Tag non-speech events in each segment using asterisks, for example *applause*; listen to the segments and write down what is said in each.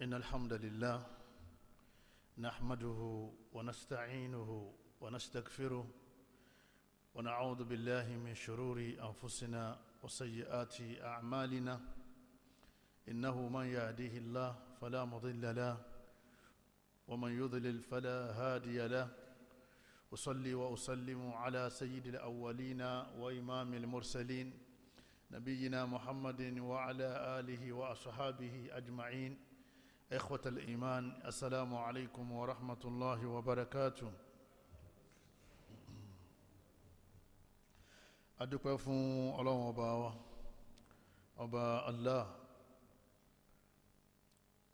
إن الحمد لله نحمده ونستعينه ونستغفره ونعوذ بالله من شرور أنفسنا وسيئات أعمالنا إنه من يهديه الله فلا مضل له ومن يضلل فلا هادي له أصلي وأسلم على سيد الأولين وإمام المرسلين نبينا محمد وعلى آله وأصحابه أجمعين إخوة الإيمان السلام عليكم ورحمة الله وبركاته adúpẹ́ fún ọlọ́run ọba wa ọba Allah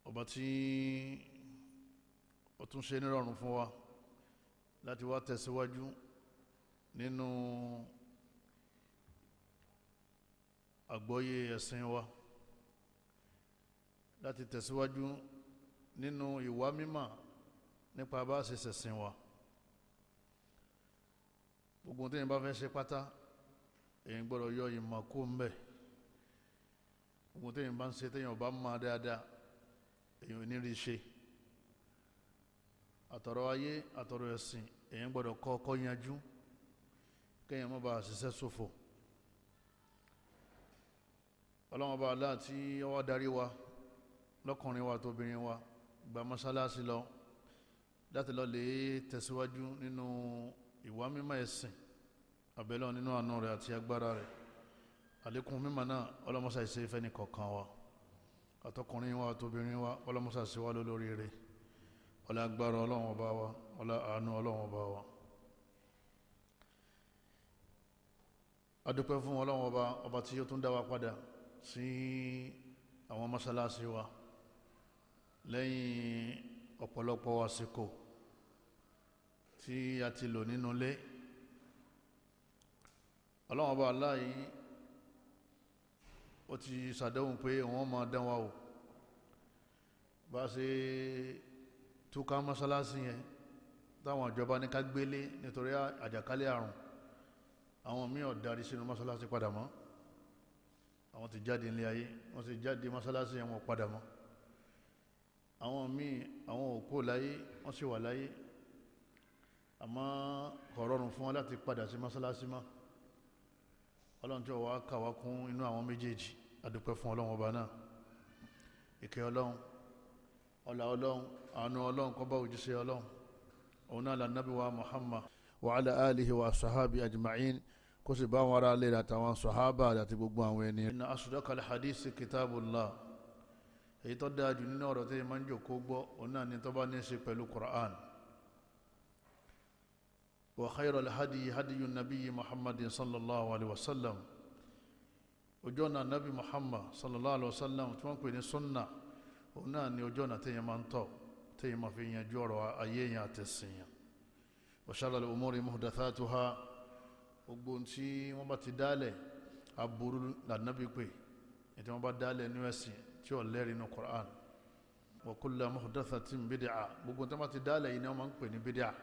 ọba tí ó tún ṣe nírọ̀rùn fún wa láti wá tẹ̀síwájú nínú àgbọ́yé ẹ̀sìn wa láti tẹ̀síwájú nínú ìwà mímọ̀ nípa bá ṣe ṣẹ̀sìn wa gbogbo tí yẹn bá fẹ́ ṣe pátá èyí gbọ́dọ̀ yọ ìmọ̀ kó ń bẹ̀ gbogbo tí yẹn bá ń ṣe tí yẹn bá mọ̀ dáadáa èyí ò ní rí ṣe àtọ̀rọ̀ ayé àtọ̀rọ̀ ẹ̀sìn èyí gbọ́dọ̀ kọ́ ọkọ́ yanjú kéèyàn má bàa ṣiṣẹ́ ṣòfò ọlọ́mọba aláàtí ọwọ́ darí wa lọ́kùnrin wa tóbìnrin wa gba mọ́sálásí lọ láti lọ lè tẹ̀síwájú nínú ìwà mímọ́ ẹ̀sìn àbẹ̀lọ́ nínú àánú rẹ̀ àti agbára rẹ̀ àlékún mímọ́ náà ọlọ́mọsá ìṣe ìfẹ́ ní kọ̀ọ̀kan wa àtọkùnrin wa tóbìnrin wa ọlọ́mọsá ìṣe wa lólórí rẹ̀ ọlá agbára ọlọ́run ọba wa ọlá àánú ọlọ́run ọba wa. adúpẹ́ fún ọlọ́run ọba ọba tí ó tún dá wa padà sí àwọn mọ́sálásí wa lẹ́yìn ọ̀pọ̀lọpọ̀ àsìkò tí a ti lò nínú ilé ọlọ́run ọba aláyí ó ti ṣàdéhùn pé wọ́n máa dán wa wò bá ṣe túká mọ́sálásí yẹn táwọn ìjọba ní ká gbélé nítorí àjàkálẹ̀ àrùn àwọn míì ọ̀darí sínú mọ́sálásí padà mọ́ àwọn ti jáde nílé ayé wọ́n ti jáde mọ́sálásí yẹn wọ́n padà mọ́ àwọn míì àwọn òkú láyé wọ́n sì wà láyé àmọ́ kò rọrùn fún wọn láti padà sí mọ́sálásí mọ́ ọlọ́run tí wọ́n kà wá kún inú àwọn méjèèjì adúpẹ́ fún ọlọ́run ọba náà ìkẹ́ ọlọ́run ọlá ọlọ́run àánú ọlọ́run kó bá òjíṣẹ́ ọlọ́run òun náà la nábì Muhammad wa alihi wa sahabi ajma'in kó sì bá wọn ara lè rà àtàwọn sahaba àti gbogbo àwọn ẹni. inna asdaqal hadisi kitabullah èyí tó dáa jù nínú ọ̀rọ̀ tí ma ń jòkó gbọ́ òun náà ni tó bá ní ṣe pẹ̀lú Qur'an wa khayra alhadi hadiyu nabiyyi muhammadin sallallahu alaihi wasallam ojú ọ̀nà nabi muhammad sallallahu alaihi wasallam tí wọ́n pè ní sunna òun náà ni ojú ọ̀nà téèyàn máa ń tọ̀ téèyàn máa fi yanjú ọ̀rọ̀ ayé yẹn àtẹ̀sìn yẹn wa sharra al-umuri muhdathatuha gbogbo tí wọ́n bá ti dálẹ̀ aburú lànàbí pé ètò wọn bá dálẹ̀ ní ẹ̀sìn tí ó lẹ́rìí nínú Qur'an wa kullu muhdathatin bid'a gbogbo tó bá ti dálẹ̀ yìí ni wọ́n máa ń pè ní bid'a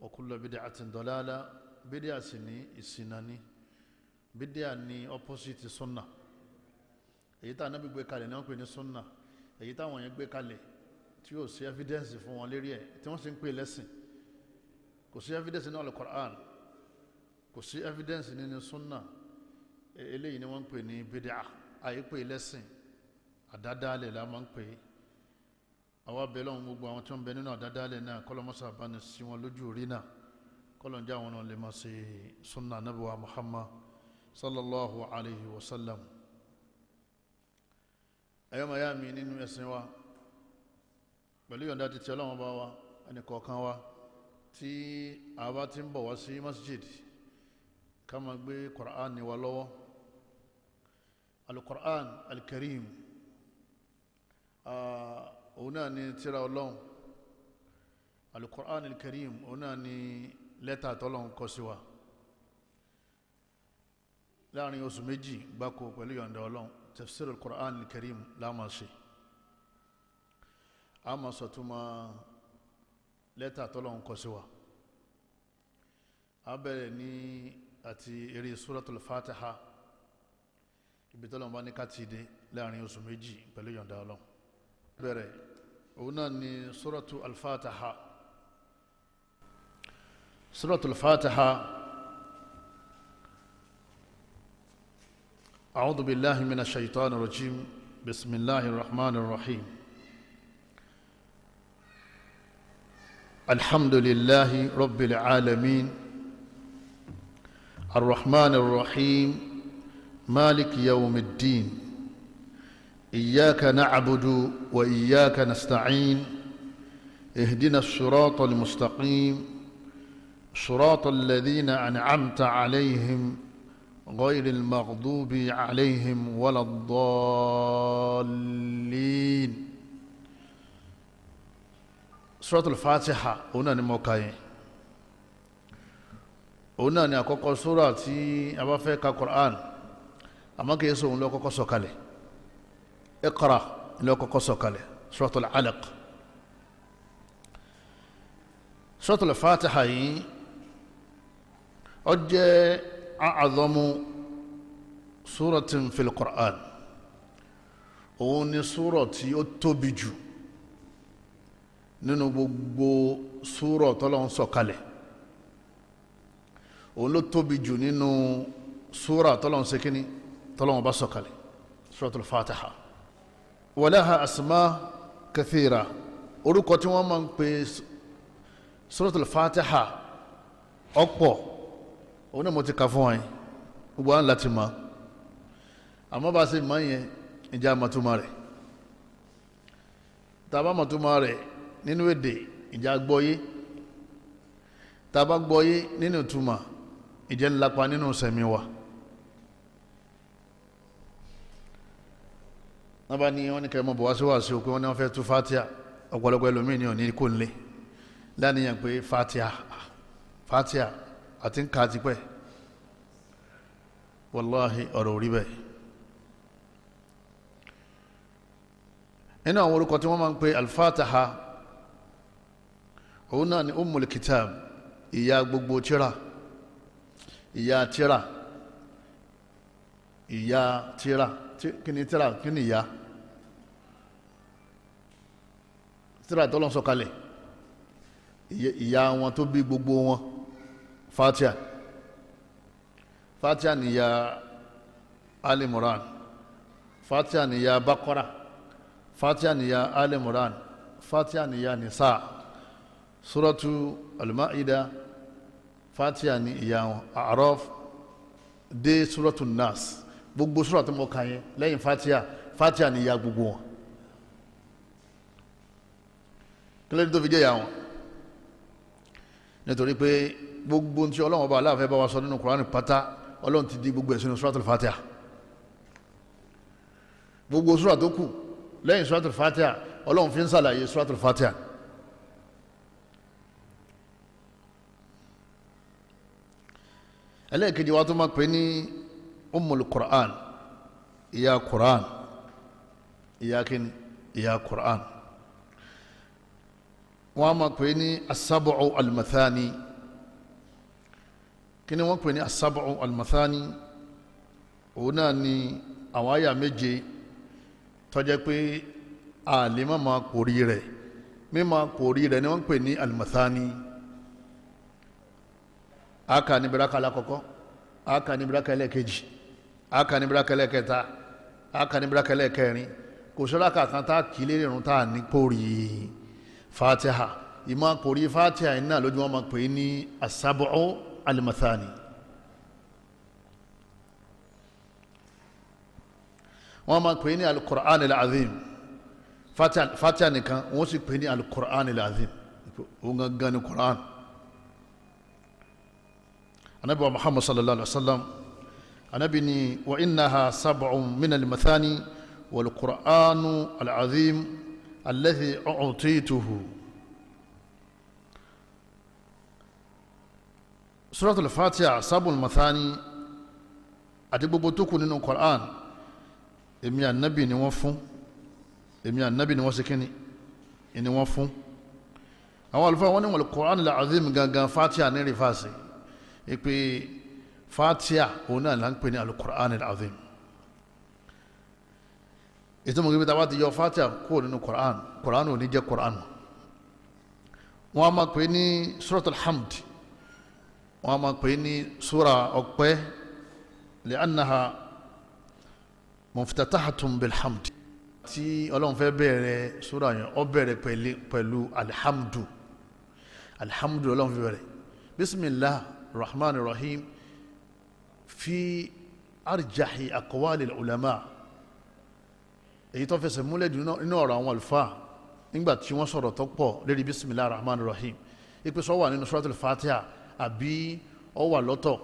wa kullu bid'atin dalala bid'a sì ní ìṣìnà ni bid'a ní opposite sunna èyí tá anábì gbé kalẹ̀ ni wọ́n pè ní sunna èyí táwọn yẹn gbé kalẹ̀ tí yóò sí evidence fún wọn lérí ẹ̀ tí wọ́n sì ń pè kò sí evidence nínú al-Qur'an kò sí evidence nínú sunna e-, eléyìí ni wọ́n ń pè ní bid'a àyípè lẹ́sìn àdádálẹ̀ la máa ń pè é àwa bẹ̀rẹ̀ lọ́wọ́ gbogbo àwọn tí wọ́n bẹ nínú àdádálẹ̀ náà kọ́lọ́mọ́sá bá ní sí wọn lójú orí náà kọ́lọ́njá àwọn náà lè máa ṣe sunna anabiwa muhammad sallallahu alayhi wa sallam ẹ̀yọ́ mi nínú ẹ̀sìn wa pẹ̀lú yọ̀ǹda ti ọlọ́run bá wa ẹnì kọ̀ọ̀kan wa tí àwa ti ń bọ̀ wá sí masjid ká máa gbé qur'an ni wa lọ́wọ́ alukur'an alkarim òun náà ni tírà ọlọ́run alukur'an alkarim òun náà ni lẹ́tà tọ́lọ́run kọ sí wa láàrin oṣù méjì gbáko pẹ̀lú yọ̀ǹda ọlọ́run tafsir alukur'an alkarim láàmà ṣe a máa sọ̀túnmọ́ lẹ́tà tọ́lọ́run kọ sí wa a bẹ̀rẹ̀ ní àti eré suratul fatiha ibi tọ́lọ́run bá ní ká ti dé láàrin oṣù méjì pẹ̀lú yọ̀ǹda ọlọ́run bẹ̀rẹ̀ òun náà ni suratu al-fataha suratu al-fataha a'udhu billahi minash shaitanir rajim bismillahir rahmanir rahim الحمد لله رب العالمين الرحمن الرحيم مالك يوم الدين إياك نعبد وإياك نستعين اهدنا الصراط المستقيم صراط الذين أنعمت عليهم غير المغضوب عليهم ولا الضالين سورة الفاتحة هنا نموكاي هنا نأكوكو سورة أبا فيك القرآن أما كيسو لو كوكو سوكالي Iqra ilé ọkọ̀kọ́ sọ̀kalẹ̀ Suratul Alaq Suratul Fatiha yìí ó jẹ́ a'adhamu suratin fil Qur'an òun ni súrọ̀ tí ó tóbi jù nínú gbogbo súrọ̀ tọ́lọ́hún sọ̀kalẹ̀ òun ló tóbi jù nínú súrọ̀ tọ́lọ́hún sekini tọ́lọ́hún bá sọ̀kalẹ̀ Suratul Fatiha walaha asma kathira orúkọ tí wọ́n máa ń pè suratul fatiha ọ̀pọ̀ òun náà mo ti kà fún wa yẹn gbogbo àwọn láti mọ̀ àmọ́ bá a ṣe mọ̀ yẹn ìjà àmọ̀túmọ̀ rẹ̀ tàbá àmọ̀túmọ̀ rẹ̀ nínú èdè ìjà gbọ́yé tàbá gbọ́yé nínú ìtumọ̀ ìjẹ́ ńlapa nínú sẹ̀mí wa. náà bá ní wọn ní kẹrìmọ́ bọ̀ wá sí wá sí òkú wọn ní wọn fẹ́ tú fatia ọ̀pọ̀lọpọ̀ ẹlòmíì ní òní kò nílé láníyàn pé fatia fatia àti ń ka tipẹ́ wàláhi ọ̀rọ̀ orí bẹ́ẹ̀ nínú àwọn orúkọ tí wọ́n máa ń pe alfataha òun náà ni ummul ìyá gbogbo tíra ìyá tíra ìyá tíra kí ni tíra kí ni ìyá tíra tọ́lọ́ sọ̀kalẹ̀ ìyá wọn tó bí gbogbo wọn fatia fatia ni ìyá alimuran fatia ni ìyá bakora fatia ni ìyá alimuran fatia ni ìyá nisa suratu al fatia ni ìyá wọn a'raf dé suratu nas gbogbo sura tó mọ kàn yẹn lẹ́yìn fatia fatia ni ya gbogbo wọn kílódé tó fi jẹ́ ìyá wọn nítorí pé gbogbo tí ọlọ́run ọba aláàfẹ́ bá wa sọ nínú kuraani pátá ọlọ́run ti di gbogbo ẹ̀ sínú suratul fatia gbogbo sura tó kù lẹ́yìn suratul fatia ọlọ́run fi ń ṣàlàyé suratul fatia. ẹlẹ́ẹ̀kejì wa tó máa pè ní ummul quran ìyá quran ìyá kìíní ìyá quran wọ́n á máa pè ní asábọ̀ alimathani kí ni wọ́n pè ní asábọ̀ alimathani òun náà ni àwọn àyà méje tó jẹ́ pé àlèmọ́ máa kò rí rẹ̀ mímọ́ kò rí rẹ̀ ni wọ́n pè ní alimathani aka níbi rákà alákọ̀ọ́kọ́ aka níbi rákà ẹlẹ́ẹ̀kejì akanibrakẹlẹ kẹta akanibrakẹlẹ kẹrin kò sọ́ra kankan tá a kì í lérè irun tá a ní kórì fatiha ìmọ̀ kórì fatiha yìí náà lójú wọn máa pè é ní asabu'u alimathani. wọ́n máa pè é ní alukur'an al-azim fatiha nìkan wọ́n sì pè é ní alukur'an al-azim òun gangan ni kur'an. anabi wa muhammad sallallahu alaihi wa sallam anabi ni wa innaha sab'un min al-mathani wal qur'anu al-azim alladhi u'tituhu surat al-fatiha sab'un al-mathani àti gbogbo tó kù nínú qur'an èmi ànábì ni wọ́n fún èmi ànábì ni wọ́n ṣe kíni ni wọ́n fún àwọn àlùfáà wọn ni wal qur'an al-azim gangan fatiha ní rìfáàsì ìpè fatia òun náà là ń pè ní alukur'an al-azim ìtumọ̀ gbígbé tàbá ti yọ fatia kúrò nínú kur'an kur'an ò ní jẹ́ kur'an wọ́n a máa pè ní suratul hamd wọ́n a máa pè ní sura ọpẹ́ li'annaha muftatahatun bilhamd tí ọlọ́run fẹ́ bẹ̀rẹ̀ sura yẹn ó bẹ̀rẹ̀ pẹ̀lú alhamdu alhamdu ọlọ́run fi bẹ̀rẹ̀ bisimilah rahman rahim fi arjahi aqwali ulama èyí tó fẹsẹ̀ múlẹ̀ nínú ọ̀rọ̀ àwọn àlùfáà nígbà tí wọ́n sọ̀rọ̀ tó pọ̀ lérí bisimilahi rahman rahim ipe sọ wà nínú suratul fatiha àbí ó wà lọ́tọ̀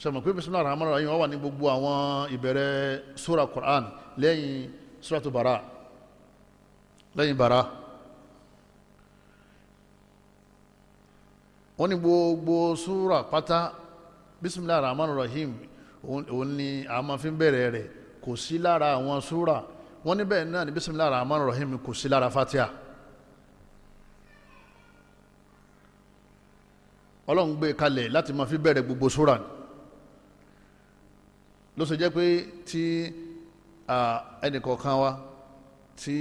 sọmọ pé bisimilahi rahman rahim ó wà ní gbogbo àwọn ìbẹ̀rẹ̀ sura quran lẹ́yìn suratul bara lẹ́yìn bara wọ́n ní gbogbo sura pátá bisimilahi rahman rahim òun ni a máa fi bẹ̀rẹ̀ rẹ̀ kò sí lára àwọn súra wọ́n níbẹ̀ náà ni bisimilahi rahman rahim kò sí lára fatiha. ọlọ́run gbé e kalẹ̀ láti máa fi bẹ̀rẹ̀ gbogbo súra ni ló ṣe jẹ́ pé tí ẹnìkọ̀ọ̀kan wa tí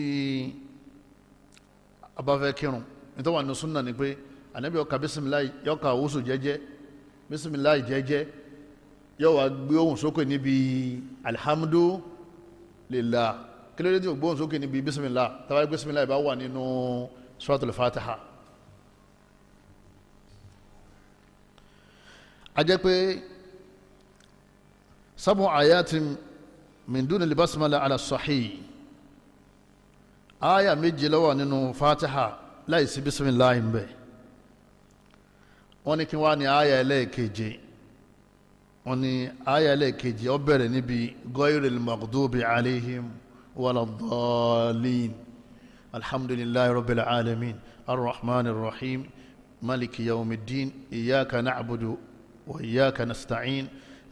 a kírun nítorí wà ní súnà ni pé ànábì ó bisimilahi yó ka wúsù jẹ́jẹ́ bisimilayi jẹ́jẹ́ yóò wá gbé ohùn sókè níbi alihamudulilah kí ló dé tí o gbóhùn sókè níbi bisimilah tàbí bisimilah bá wà nínú suratul fatiha. a jẹ́ pé sabu ayatin min duni libasimala ala sahih aya méje ló wà nínú fatiha láì sí bisimilah ń wọ́n ní kí wá ní àyà ẹlẹ́ẹ̀keje wọ́n ní àyà ẹlẹ́ẹ̀keje ó bẹ̀rẹ̀ níbi ghayril maghdubi alayhim waladdallin alhamdulillahi rabbil alamin arrahman arrahim maliki yawmiddin iyyaka na'budu wa iyyaka nasta'in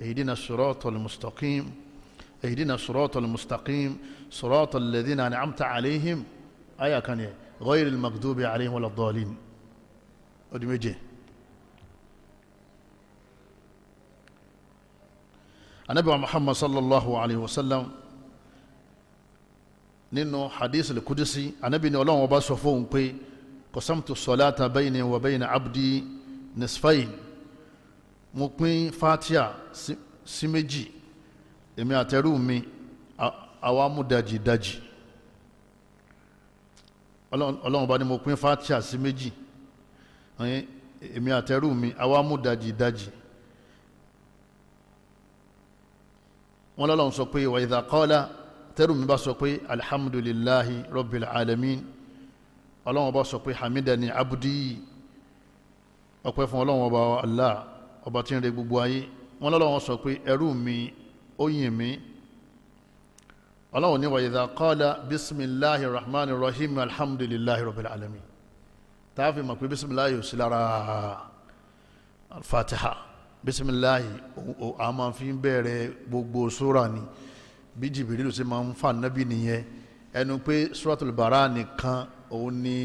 اهدنا الصراط المستقيم اهدنا الصراط المستقيم صراط الذين أنعمت عليهم آية كان غير المغضوب عليهم ولا الضالين أدمجي anabi wa muhammad sallallahu alayhi wa sallam nínú hadith al-qudsi anabi ni Ọlọ́run ọba sọ fóun pé qasamtu salata bayni wa bayna abdi nisfayn mo pín fatia sí méjì èmi àtẹrú mi àwa mú dajì dajì Ọlọ́run ọba ni mo pín fatia sí méjì èmi àtẹrú mi àwa mú dajì dajì. wọn lọ́lọ́run sọ pé wa idha qala tẹ́rù mi bá sọ pé alhamdulillahi rabbil alamin ọlọ́run bá sọ pé hamidani abudi ọpẹ́ fún ọlọ́run ọba allah ọba tí ń re gbogbo ayé wọn lọ́lọ́run sọ pé ẹrú mi ó yìn mí ọlọ́run ní wa idha qala bisimilahi rahman rahim alhamdulillahi rabbil alamin tààfin mọ̀ pé bisimilahi ò sí lára al bisimilahi a máa fi ń bẹ̀rẹ̀ gbogbo sóra ni bí jìbìrì ló ṣe máa ń fa nábì nìyẹn ẹnu pé suratul bara nìkan òun ni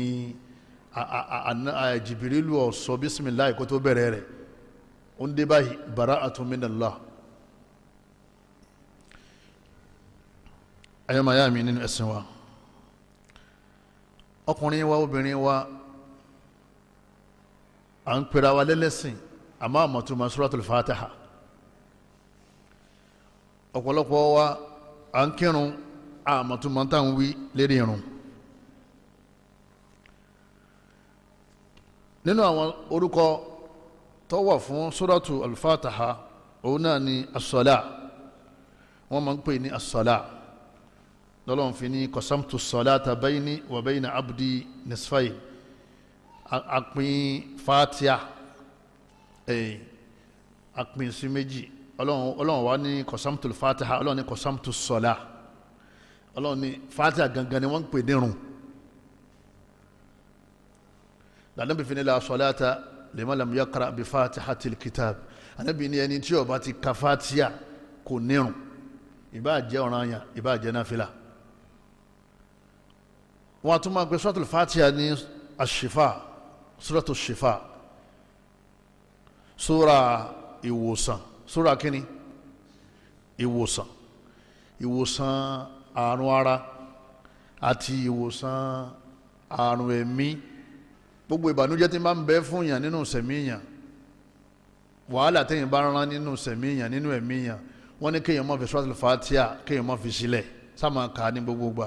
jìbìrì ló sọ bisimilahi kó tó bẹ̀rẹ̀ rẹ̀ ó ń dé báyìí bara'atun minallah. ayọ́ mi nínú ẹ̀sìn wa ọkùnrin wa obìnrin wa à ń pera wa lẹ́lẹ́sìn àmọ́ àmọ̀túnmọ̀ suratul fatiha ọ̀pọ̀lọpọ̀ wa à ń kírun àmọ̀túnmọ̀ tá à ń wí lérí irun nínú àwọn orúkọ tó wà fún suratul fatiha òun náà ni asọ́lá wọ́n máa ń pè ní asọ́lá lọ́lọ́run fi ní qasamtu salata bayni wa abdi nisfayn àpín fatiha apinsi méjì ọlọ́run ọlọ́run wa ní kọ̀sámtò fatiha ọlọ́run ní kọ̀sámtò sọ̀la ọlọ́run ní fatiha gangan ni wọ́n ń pè nírun lànà bí fini la sọ̀láta limalam yakara bí fatiha til kitab ànábì ní ẹni tí ó bá ti ka fatiha kò nírun ìbá jẹ́ ọ̀ranyàn ìbá jẹ́ náfìlà wọ́n a tún máa gbé suratul fatiha ní ashifa suratul shifa. Sura ìwòsàn Sura kínní ìwòsàn ìwòsàn àrùn ara àti ìwòsàn àrùn ẹ̀mí gbogbo ìbànújẹ́ tí máa ń bẹ fún yàn nínú sẹ̀mí yàn wàhálà téèyàn bá rán nínú sẹ̀mí yàn nínú ẹ̀mí yàn wọ́n ní kéèyàn má fi suratul Fatiha kéèyàn má fi sílẹ̀ sáà máa kà á ní gbogbo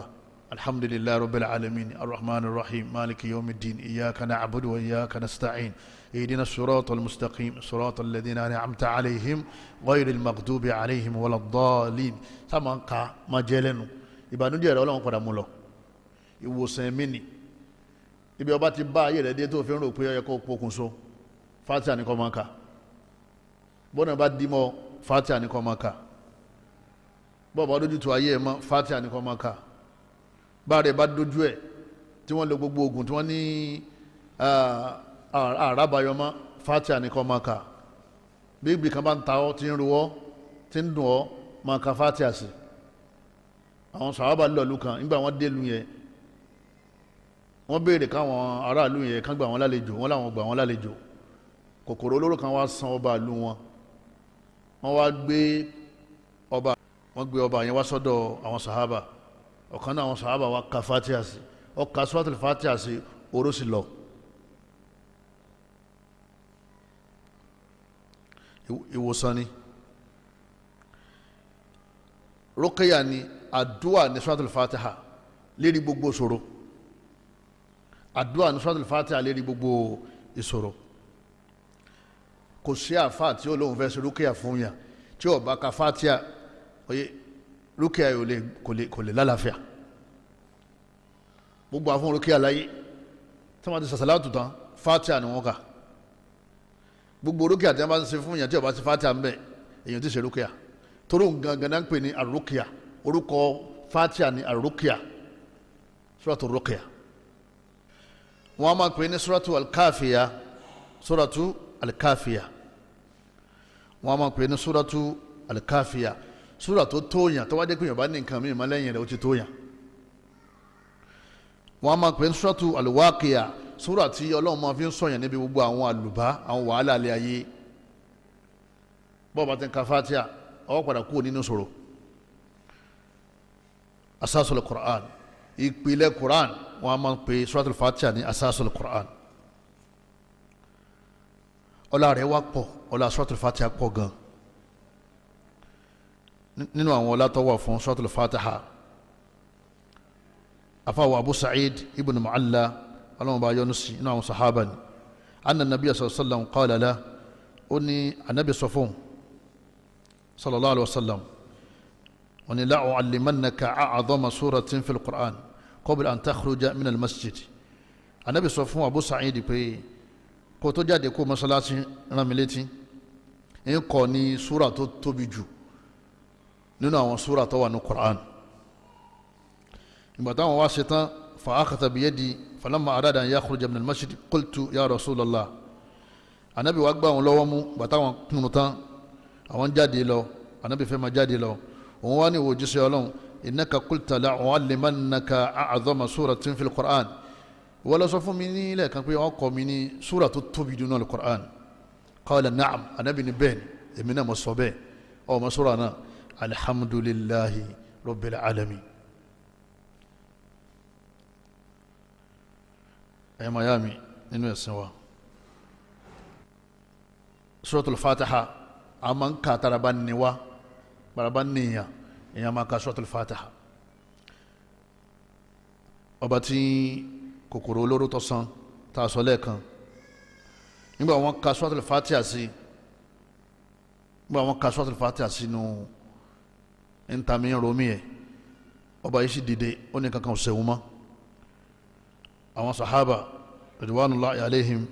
الحمد لله رب العالمين الرحمن الرحيم مالك يوم الدين إياك نعبد وإياك نستعين اهدنا الصراط المستقيم صراط الذين أنعمت عليهم غير المغضوب عليهم ولا الضالين سما كا ما جلنو ìbànú díẹ̀ rẹ̀ ọlọ́run padà mú lọ ìwòsàn ẹ̀mí ni ibi ọba ti bá ayé rẹ̀ dé tó fi ń rò pé ọyẹ kó pokùn so fatia ní kọ́ máa kà bọ́nà bá dì mọ́ fatia ní kọ́ máa kà bọ́ọ̀bá dójú tó ayé ẹ̀ mọ́ fatia ní kọ́ máa kà bára ẹ̀ bá dojú ẹ̀ tí wọ́n lo gbogbo oògùn tí wọ́n ní àràbàyọmọ́ fatia nìkan máa kà bí ìgbì kan bá ń ta ọ́ tí ń ruwọ́ tí ń dùn ọ́ máa ka fatia sí àwọn sàhábà lọ́ọ̀lù kan nígbà wọ́n dé lu yẹn wọ́n béèrè káwọn aráàlú yẹn kán gbà wọ́n lálejò wọ́n làwọn gbà wọ́n lálejò kòkòrò olóró kan wá san ọba ìlú wọn wọ́n wá gbé ọba wọ́n gbé ọba yẹn wá sọ́dọ̀ àwọn sàhábà ọ̀kan náà àwọn sàhábà wa ka fatiha sí ó ka suratul fatiha sí oró sì lọ. ìwòsàn ni rókèyà ni àdúà ní suratul fatiha lérí gbogbo ìṣòro àdúà ní suratul fatiha lérí gbogbo ìṣòro kò sí àfa tí ó lóun rókèyà fún yàn tí ó ka fatiha oye rúkìá yìí kò lè lálàáfíà gbogbo àfọ̀n rúkìá láyé tí wọ́n ti sàṣàlá tuntun fatia ni wọ́n kà gbogbo rúkìá tí wọ́n bá ń ṣe fún yàn tí wọ́n bá ṣe fatia mbẹ́ èyàn ti ṣe rúkìá torí gangan náà ń pè ní àrùkìá orúkọ fatia ni àrùkìá suratu rúkìá wọ́n á máa pè ní suratu alkafiya suratu alkafiya wọ́n á máa pè ní suratu alkafiya súrà tó tóyàn tó wá dé pé yàn bá ní nǹkan mìíràn lẹ́yìn rẹ̀ ó ti tóyàn wọ́n á máa pè é súràtù àlùwákìyà súrà tí ọlọ́run máa fi ń sọ̀yàn níbi gbogbo àwọn àlùbá àwọn wàhálà alẹ́ ayé bọ́ọ̀ bá ti ń ka fatia ọwọ́ padà kúrò nínú sòrò asásùlù Qur'an ìpìlẹ̀ Qur'an wọ́n á máa pè súràtù fatia ní asásùlù Qur'an ọlá rẹ̀ wá pọ̀ ọlá súràtù fatia pọ̀ gan-an nínú àwọn ọlá tó wà fún suratul fatiha afáwọ̀ abu sa'id ibn mu'alla ọlọ́mọba yọnusi inú àwọn sahaba ni anna nabiya sallallahu alaihi wasallam qala la ó ní anabi sọ fún sallallahu alaihi wasallam ó ní la'u allimannaka a'adama suratin fil qur'an qabla an takhruja min al masjid anabi sọ fún abu sa'id pé kó tó jáde masalasi rán mi létí ń kọ́ ni súra tó tóbi nínú àwọn súra tó wà ní Qur'an ìgbà táwọn wá ṣe tán fa akhadha biyadi falamma arada an yakhruja min al-masjid qultu ya Rasulallah anabi wa gbà wọn lọ́wọ́ mú ìgbà táwọn kúnnù tán àwọn jáde lọ anabi fẹ́ máa jáde lọ òun wá ní ìwò jíṣẹ́ ọlọ́run innaka qulta la u'allimannaka a'dhama suratin fil Qur'an wọ́n lọ sọ mi ní ilẹ̀ kan pé wọ́n kọ́ mi ní súra tó dunu al-Qur'an qala na'am anabi ni bẹ́ẹ̀ ni mo sọ bẹ́ẹ̀ ọ̀ mo súra náà alhamdulillahi rabbil alamin ẹ̀yẹ́ miami nínú ẹ̀sìn wa suratul fatiha a máa ń ka taraba ni wa baraba nìyà èèyàn máa ka suratul fatiha ọba tí kòkòrò olóró tó san tá a sọ lẹ́ẹ̀kan nígbà wọn ka suratul fatiha sí nígbà wọn ka suratul fatiha sínú. Si ń ta mi ń romi yẹ ọba yìí sì dìde ó ní kankan ṣẹ̀wọ̀n mọ́ àwọn sahaba ridwanullahi alaihim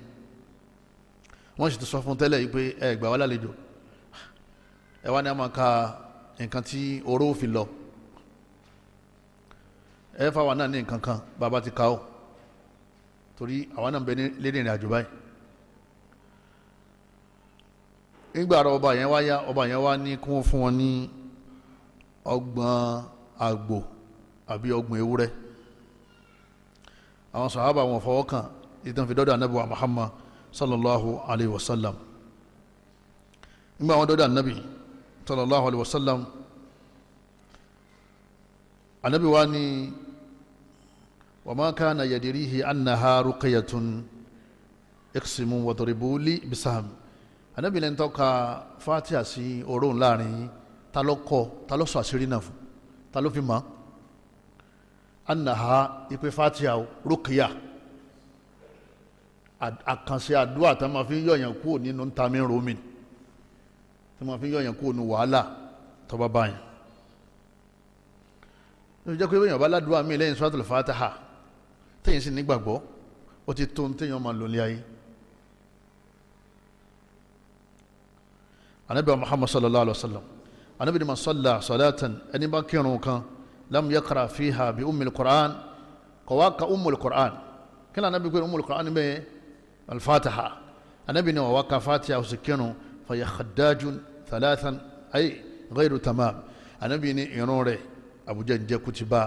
wọ́n sì ti sọ fún tẹ́lẹ̀ yìí pé ẹ gbà wá lálejò ẹ wá ní a máa ka nǹkan tí oró fi lọ ẹ fáwọn náà ní nǹkan kan ti ka ó torí àwọn náà ń bẹ lédè ìrìn àjò báyìí nígbà ọba yẹn wá yá ọba yẹn wá ní kún fún wọn ní ọgbọ̀n àgbò àbí ọgbọ̀n ewúrẹ́ àwọn sàhábà wọn fọwọ́ kàn ìtàn fi dọ́dọ̀ anábì wa Muhammad sallallahu alayhi wa sallam nígbà wọn dọ́dọ̀ anábì sallallahu alayhi wa sallam anábì wa ni wa ma kana yadirihi annaha ruqyatun iqsimu wadribu li bisaham anábì lẹ́ńtọ́ ka fatiha sí oró láàrin yìí ta ló kọ ta ló sọ àṣírí náà fún ta ló fi mọ anaha ipe fatia rukia àkànṣe àdúrà tá a máa fi yọ̀yàn kúrò nínú ntami romi tá a máa fi yọ̀yàn kúrò nínú wàhálà tọ́ba báyìí ló jẹ́ pé bẹ́ẹ̀ yàn bá ládùúgbò mi lẹ́yìn suratul fataha téèyàn sì nígbàgbọ́ ó ti tó téèyàn máa lò ní ayé. anabi muhammad sallallahu alaihi wa sallam anabi ni ma salla salatan ẹni bá kírun kan lam yakara fiha bi umul qur'an kò wá ka umul qur'an kí ni anabi kò umul qur'an bẹ alfataha anabi ni wà wá ka fatiha o sì kírun fa ya khadajun thalathan ayi ghayru tamam anabi ni irun rẹ̀ abuja njẹ kutiba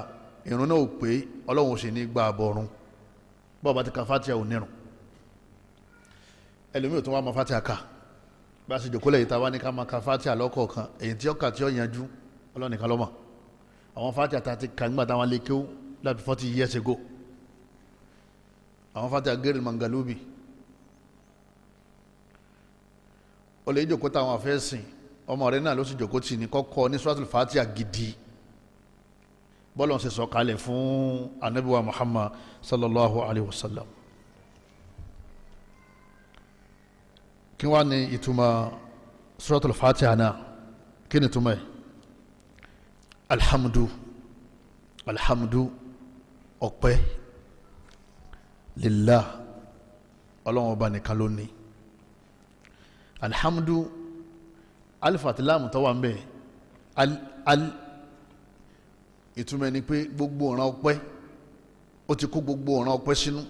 irun náà ò pé ọlọ́run ò sì ní gbà bọ̀rùn bọ́ọ̀ bá ti ka fatiha ò nírun ẹlòmíràn tó wà má fatiha ká bá a sì jòkó lẹ́yìn táwa ní ká máa ka fatia lọ́kọ̀ọ̀kan èyí tí ọkà tí ó yanjú ọlọ́nìkan lọ́mọ àwọn fatia ta ti kà nígbà táwọn lè kéwú láti forty years ago àwọn fatia gẹ́rì mangalubi ó lè jòkó táwọn afẹ́sìn ọmọ rẹ náà ló sì jòkó tì ní kọ́kọ́ ní suratul fatia gidi bọ́lọ̀ ń ṣe sọ̀kalẹ̀ fún anabiwa muhammad sallallahu alayhi wa sallam. kí wá ní ìtumọ̀ suratul fatiha náà kí ni ìtumọ̀ yìí alhamdu alhamdu ọpẹ́ lillah ọlọ́run ọba nìkan ló ní alhamdu alifatilamu tó wà ń bẹ̀ al al ìtumọ̀ ni pé gbogbo ọ̀ràn ọpẹ́ ó ti kó gbogbo ọ̀ràn ọpẹ́ sínú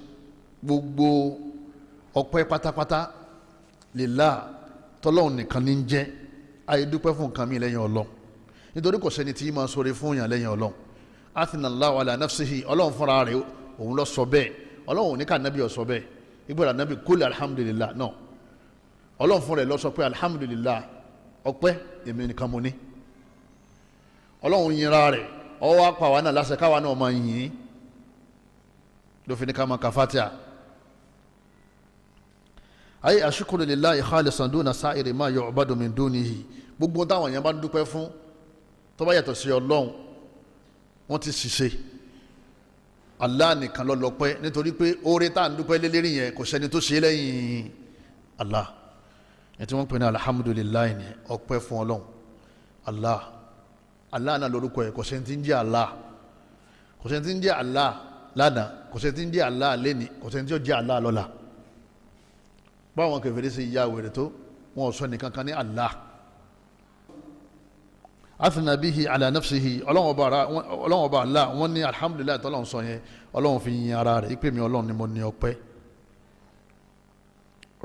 gbogbo ọpẹ́ pátápátá lillah tọ́lọ́hún nìkan ní jẹ́ ayé dúpẹ́ fún nǹkan mi lẹ́yìn ọlọ́run nítorí kò sẹ́ni tí máa sọ̀rọ̀ fún yàn lẹ́yìn ọlọ́run athinallahu ala nafsihi ọlọ́run fúnra rẹ̀ òun lọ sọ bẹ́ẹ̀ ọlọ́run ò ní ká nábì ó sọ bẹ́ẹ̀ ìgbọ́dọ̀ nábì kólé alhamdulillah náà ọlọ́run fúnra rẹ̀ lọ sọ pé alhamdulillah ọpẹ́ èmi nìkan mo ní ọlọ́run yinra rẹ̀ ọwọ́ apá wa náà láṣẹ káwa náà máa yìn lófin ní ká máa ka fatiha ayé àṣukúrò lè láàyè khalisan dúnà sáìrì máa yọ ọ̀bádùn mi dún nìyí gbogbo táwọn èèyàn bá ń dúpẹ́ fún tó bá yàtọ̀ sí ọlọ́run wọ́n ti ṣiṣẹ́ Allah nìkan ló lọ́pẹ́ nítorí pé oore tá à ń dúpẹ́ lélẹ́rì yẹn kò sẹ́ni tó ṣe lẹ́yìn Allah ẹ̀ tí wọ́n pè ní alhamdulilayi ni ọpẹ́ fún ọlọ́run Allah Allah náà lórúkọ kò sẹ́ni tí ń jẹ́ Allah kò sẹ́ni tí ń jẹ́ Allah lánàá kò sẹ́ni tí ń jẹ́ Allah lẹ́ni kò sẹ́ni tí ó jẹ́ Allah lọ́la báwọn kèfèrí sí ya wèrè tó wọn ò sọ nìkan kan ní Allah athna bihi ala nafsihi ọlọ́wọ́n ọba Allah wọ́n ní alhamdulilayi tọ́lọ́wọ́n sọ yẹn ọlọ́wọ́n fi yin ara rẹ̀ ipe mi ọlọ́wọ́n ni mo ní ọpẹ́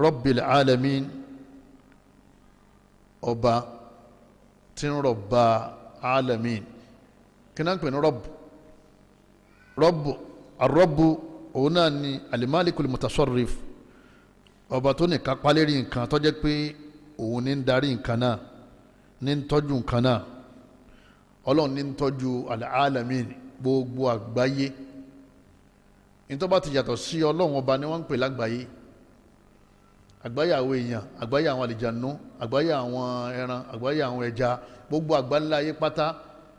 rabbil alamin ọba tí ń rọ̀bà alamin kí ní rọ́bù rọ́bù arọ́bù òun náà ni alimalikul mutasarrif ọba tó nìkan palérí nǹkan tó jẹ́ pé òun ní ń darí nǹkan náà ní ń tọ́jú nǹkan náà ọlọ́run ní ń tọ́jú alamin gbogbo àgbáyé nítorí bá ti yàtọ̀ sí ọlọ́run ọba ni wọ́n ń pè lágbàáyé àgbáyé àwọn èèyàn àgbáyé àwọn àlìjànú àgbáyé àwọn ẹran àgbáyé àwọn ẹja gbogbo àgbáńlá ayé pátá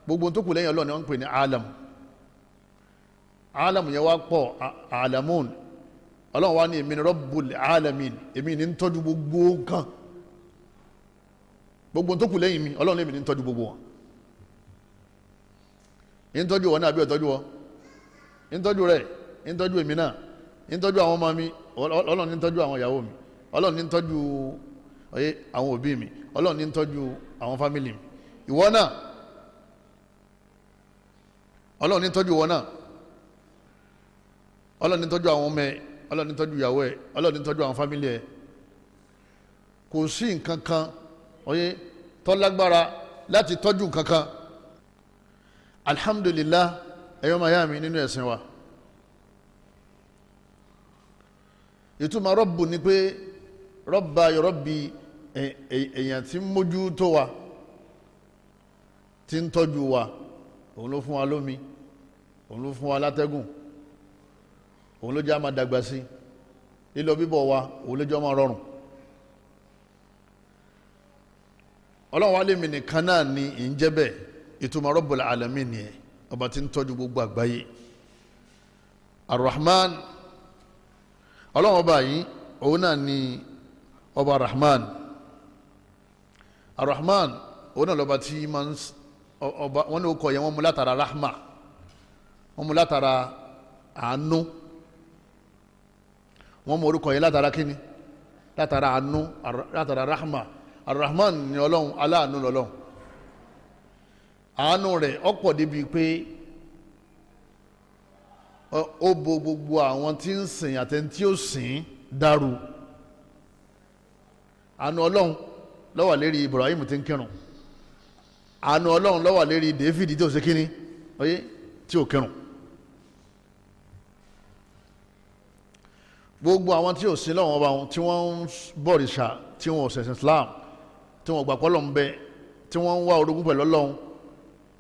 gbogbo tó kù lẹ́yìn ọlọ́run ni wọ́n ń pè ní alam alam yẹn wá pọ̀ alamun ọlọ́run wa ní èmi ni Rabbul Alamin èmi ni ń tọ́jú gbogbo nǹkan gbogbo tó kù lẹ́yìn mi ọlọ́run èmi ni ń tọ́jú gbogbo wọn ń tọ́jú wọn náà àbí ọ̀tọ́jú wọn ń tọ́jú rẹ̀ ń tọ́jú èmi náà ń tọ́jú àwọn ọmọ mi ọlọ́run ń tọ́jú àwọn ìyàwó mi ọlọ́run ń tọ́jú àwọn òbí mi ọlọ́run ń tọ́jú àwọn fámìlì mi ìwọ náà ọlọ́run ń tọ́jú ìwọ náà ọlọ́run ń tọ́jú àwọn ọmọ ọlọ́run ní tọ́jú ìyàwó ẹ̀ ọlọ́run ní tọ́jú àwọn fámìlì ẹ̀ kò sí nǹkan kan oyè tọ́lágbára láti tọ́jú nǹkan kan alhamdulillah ẹ̀yọ́ mayami nínú ẹ̀sìn wa ìtumọ̀ rọ́bù ni pé rọ́bà yọ̀rọ̀bì èèyàn tí ń mójú tó wa tí ń tọ́jú wa òun ló fún wa lómi òun ló fún wa látẹ́gùn òun ló jẹ́ àmà dàgbà sí lílọ bíbọ̀ wa òun ló jẹ́ ọmọ rọrùn ọlọ́run wa lèmi nìkan náà ni ìjẹ́ bẹ́ẹ̀ ìtumọ̀ Rabbul Alamin nìyẹn ọba tí ń tọ́jú gbogbo àgbáyé Ar-Rahman ọlọ́run ọba yìí òun náà ni ọba Rahman ar òun náà lọ́ba tí máa ń ọba wọn ní o kọ yẹn wọn mú látara rahma wọn mú látara àánú wọ́n mọ orúkọ yẹn látara kíni látara àánú látara rahma arahman ni ọlọ́run aláàánú lọ́lọ́run àánú rẹ̀ ọ̀pọ̀ débi pé ó bo gbogbo àwọn tí ń sìn àtẹni tí ó sìn dàrú àánú ọlọ́run ló lérí Ibrahim tí ń kírun àánú ọlọ́run ló lérí David tí ó ṣe kíni tí ó kírun gbogbo àwọn tí ò sí lọ́wọ́ ọba wọn tí wọ́n ń bọ̀rìṣà tí wọ́n ṣẹ̀ṣẹ̀ Islam tí wọ́n gbàgbọ́ lọ́n bẹ tí wọ́n ń wá orogún pẹ̀lú Ọlọ́run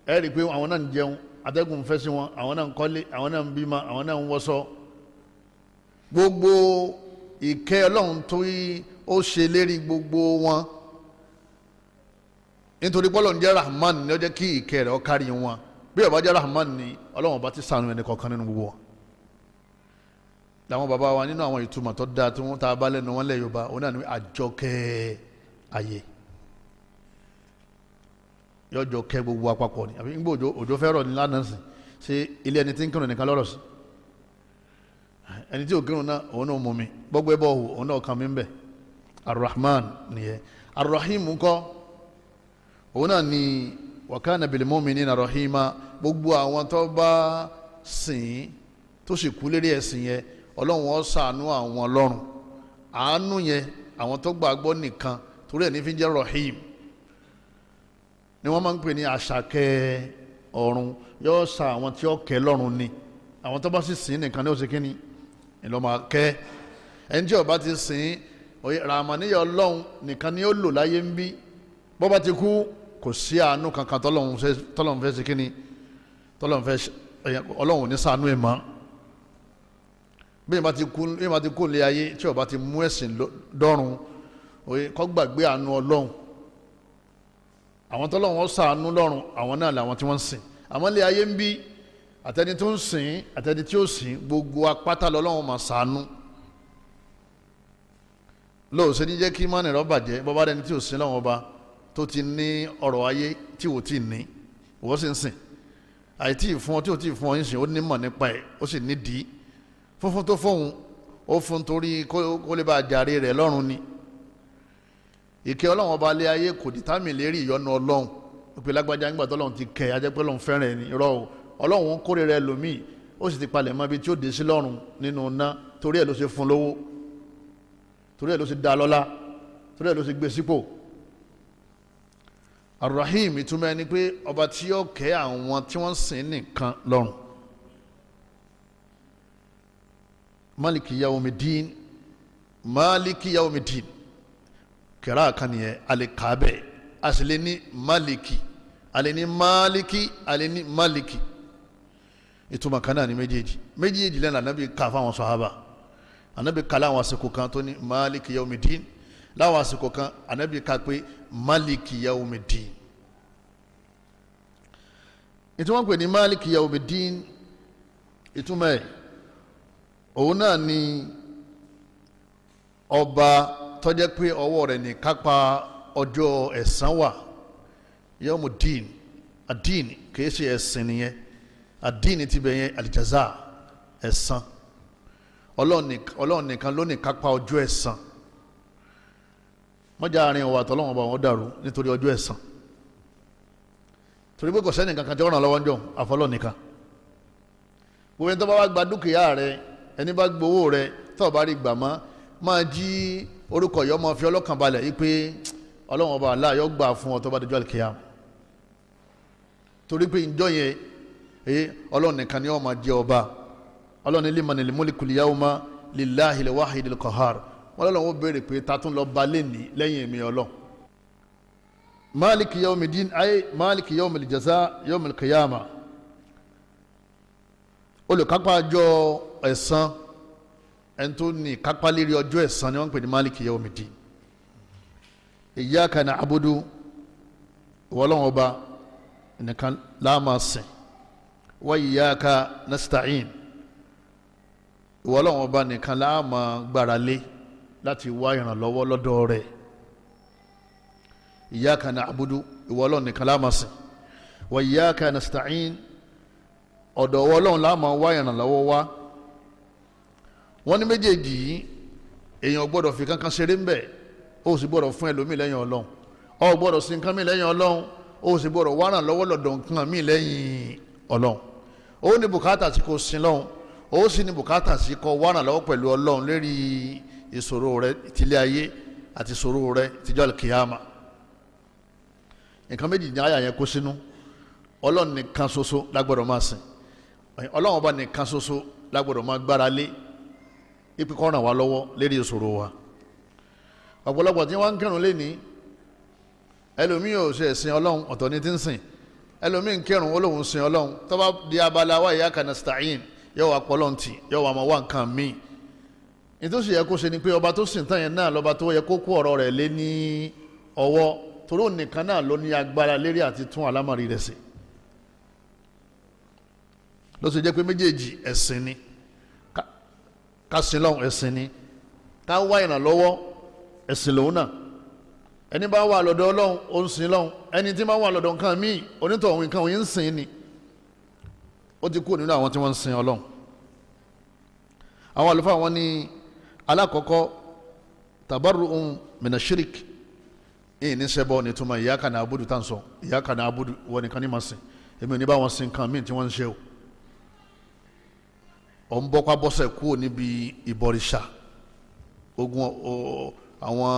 ẹ rí i pé àwọn náà ń jẹun atẹ́gùn fẹ́ sí wọn àwọn náà ń kọ́lé àwọn náà ń bímọ àwọn náà ń wọṣọ gbogbo ìkẹ́ Ọlọ́run tó ó ṣe lérí gbogbo wọn nítorí pọ́lọ̀ jẹ́ Rahman ni ó jẹ́ kí ìkẹ́ rẹ̀ ó kárí wọn bí ó jẹ́ Rahman ni Ọlọ́run bá ti ṣàánú ẹnì kọ̀ọ̀kan nínú gbogbo wọn làwọn baba wa nínú àwọn ìtumọ̀ tó dáa tí wọ́n ta bá lẹ́nu wọn lẹ̀ yorùbá òun náà ní àjọkẹ́ ayé yọjọ kẹ gbogbo àpapọ̀ ni àbí nígbà òjò fẹ́rọ̀ ní lánàá sí ṣe ilé ẹni tí ń kírun nìkan lọ́rọ̀ sí ẹni tí ò kírun náà òun náà mú mi gbọ́gbẹ́ bọ̀ wò òun náà kàn mí bẹ̀ arrahman nìyẹn arrahim kọ́ òun náà ni wakana bil mu'minina rahima gbogbo àwọn tó bá sìn tó sì kú lérí ẹ̀sìn yẹn ọlọ́run ó ṣàánú àwọn ọlọ́run àánú yẹn àwọn tó gbàgbọ́ nìkan torí ẹ̀ ní fi jẹ́ rahim ni wọ́n máa ń pè ní àṣàkẹ́ ọ̀run yóò ṣà àwọn tí ó kẹ́ lọ́run ni àwọn tó bá sì sìn nìkan ní ó ṣe kí ni ìlọ́ máa kẹ́ ẹni tí ó ti sìn ràmàníyà ọlọ́run nìkan ni ó lò láyé ń bí bó ti kú kò sí àánú kankan tọ́lọ́run fẹ́ ṣe ni tọ́lọ́run fẹ́ ọlọ́run ò ní ṣàánú ẹ̀ mọ́ bẹ́ẹ̀ bá ti kú bẹ́ẹ̀ bá ti kú lé ayé tí ó bá ti mú ẹ̀sìn dọ́run oye kó gbàgbé àánú ọlọ́run àwọn tọ́lọ́run wọn ṣàánú lọ́run àwọn náà làwọn tí wọ́n ń sìn àmọ́ lé ayé ń bí àtẹni tó ń sìn àtẹni tí ó sìn gbogbo apáta lọ́lọ́run máa ṣàánú lóòsè ní jẹ́ kí mánì rọ́ bàjẹ́ bọ́bá rẹni tí ò sìn lọ́wọ́ ọba tó ti ní ọ̀rọ̀ ayé tí ò tí ní ìwọ́n sìn àìtí ìfún ọ tí ò tí ì ọ yín sìn ó ní mọ̀ nípa ẹ̀ ó sì nídìí funfun tó fóun ó fún torí kó lè bá jàre rẹ̀ lọ́rùn ni ìkẹ́ ọlọ́run ọba alẹ́ ayé kò dìtámì lérí ìyọnu ọlọ́run òpè lágbájá nígbà tó ọlọ́run ti kẹ́ ajẹ́pẹ́ lọ́run fẹ́ràn ẹni rọ o ọlọ́run kórè rẹ lòmíì ó sì ti palẹ̀ mọ́ ibi tí ó dé sí lọ́run nínú iná torí ẹ̀ ló ṣe fún lówó torí ẹ̀ ló ṣe dá lọ́lá torí ẹ̀ ló ṣe gbé sípò arahim ìtumọ̀ ẹni pé ọba tí ó kẹ́ àwọn tí wọ́n sìn nìkan lọ́run maliki yawmidin maliki yawmidin kẹra kan yẹ ale kaabẹ asile ni maliki ale ni maliki ale ni maliki ìtumọ̀ kan náà ni méjèèjì méjèèjì lẹ́nu anabi ká fáwọn sọ̀hábà anabi kala àwọn àsìkò kan tó ní maliki yawmidin láwọn àsìkò kan anabi ká pé maliki yawmidin ìtumọ̀ pé ní maliki yawmidin ìtumọ̀ yẹ. E, òun náà ni ọba tó pé ọwọ́ rẹ̀ ní kápá ọjọ́ ẹ̀san wà yọmù dín àdín kìí ṣe ẹ̀sìn nìyẹn ti yẹn àlìjáza ẹ̀san ọlọ́run nìkan ló ní kápá ọjọ́ ẹ̀san mọ́jà àárín ọ̀wà àtọ́lọ́wọ́n ọba wọn dàrú nítorí ọjọ́ ẹ̀san torí pé kò ràn lọ́wọ́ ń jọ àfọlọ́ nìkan gbogbo ẹni tó ẹni bá gbowó rẹ tó o bá rí gbà mọ́ máa jí orúkọ yọ máa fi ọlọ́kàn balẹ̀ yí pé ọlọ́run ọba aláyọ̀ gbà fún ọ tó bá dojú àlùkìyà torí pé ìjọ yẹn ee ọlọ́run nìkan ni wọ́n máa jẹ ọba ọlọ́run ní liman ilmulikul yawma lillahi lwahidil qahar wọn lọ́lọ́run ó béèrè pé ta tún lọ ba lẹ́ni lẹ́yìn èmi ọlọ́run maliki yawmi din ayé maliki yawmi jaza yawmi qiyama olùkápá ọjọ́ ẹ̀san ẹni tó ní ìkápá lérí ọjọ́ ẹ̀san ni wọ́n ń pè ní máàlìkì yawmidi iyyaka na'budu ìwọ́lọ́wọ́n ọba nìkan láàmà sìn wa iyyaka nasta'in ìwọ́lọ́wọ́n ọba nìkan láàmà gbára lé láti wá ìrànlọ́wọ́ lọ́dọ̀ rẹ̀ iyyaka na'budu ìwọ́lọ́wọ́n nìkan láàmà sìn wa iyyaka nasta'in ọ̀dọ̀ ọwọ́ ọlọ́run la máa wá ìrànlọ́wọ́ wá wọ́n ní méjèèjì yìí èèyàn gbọ́dọ̀ fi kankan ṣeré ń bẹ̀ ó sì gbọ́dọ̀ fún ẹlòmíì lẹ́yìn ọlọ́run ó gbọ́dọ̀ sin nǹkan míì lẹ́yìn ọlọ́run ó sì gbọ́dọ̀ wá ìrànlọ́wọ́ lọ́dọ̀ nǹkan míì lẹ́yìn ọlọ́run ó ní bùkátà tí kò sin lọ́hùn ó sì ní bùkátà sí kó wá ìrànlọ́wọ́ pẹ̀lú ọlọ́run lérí ìṣòro rẹ tilé ayé àti ìṣòro rẹ tíjọ́ kìyàmà nǹkan méjì ní àyà yẹn kó sínú ọlọ́run nìkan ṣoṣo la máa sìn ọlọ́run bá nìkan ṣoṣo lágbọ́dọ̀ máa gbára lé ipi kọ́ ràn lọ́wọ́ lérí ìṣòro wa ọ̀pọ̀lọpọ̀ tí wọ́n ń kírun lé ní ẹlòmíì ò ṣe ẹ̀sìn ọlọ́run ọ̀tọ̀ ni ti ń sìn ẹlòmíì ń kírun ó lóun sìn ọlọ́run tó bá di abala wa ìyá kan nasta'in yóò wá pọ́lọ́n tì yóò wá mọ̀ wá nǹkan míì nítòsí yẹ kó ṣe ni pé ọba tó sìn tán yẹn náà lọ́ba tó yẹ kó kó ọ̀rọ̀ rẹ̀ lé ní ọwọ́ torí òun nìkan náà ló ní agbára lérí àti tún àlámọ̀rí rẹ̀ sìn lọ́sọ̀ jẹ́ pé méjèèjì ẹ̀sìn ni ká sin lọ́hùn ẹ̀sìn ni ká wá ìrànlọ́wọ́ ẹ̀sìn lòun náà ẹni bá wà lọ́dọ̀ ọlọ́hun ó ń sin lọ́hùn ẹni tí bá wà lọ́dọ̀ nǹkan míì onítọ̀hún nǹkan òun ń ni ó ti kú nínú àwọn tí wọ́n ń sin ọlọ́hun àwọn àlùfáà wọn ni alákọ̀ọ́kọ́ tabarru'un mina shirik ìyìn ní sẹ́bọ̀ ní abudu tá à ń sọ abudu nìkan ní sìn èmi ò ní bá wọn sin o ọ̀nbọ́pá bọ́sẹ̀ kúrò níbi ìbọ̀rìṣà ogun àwọn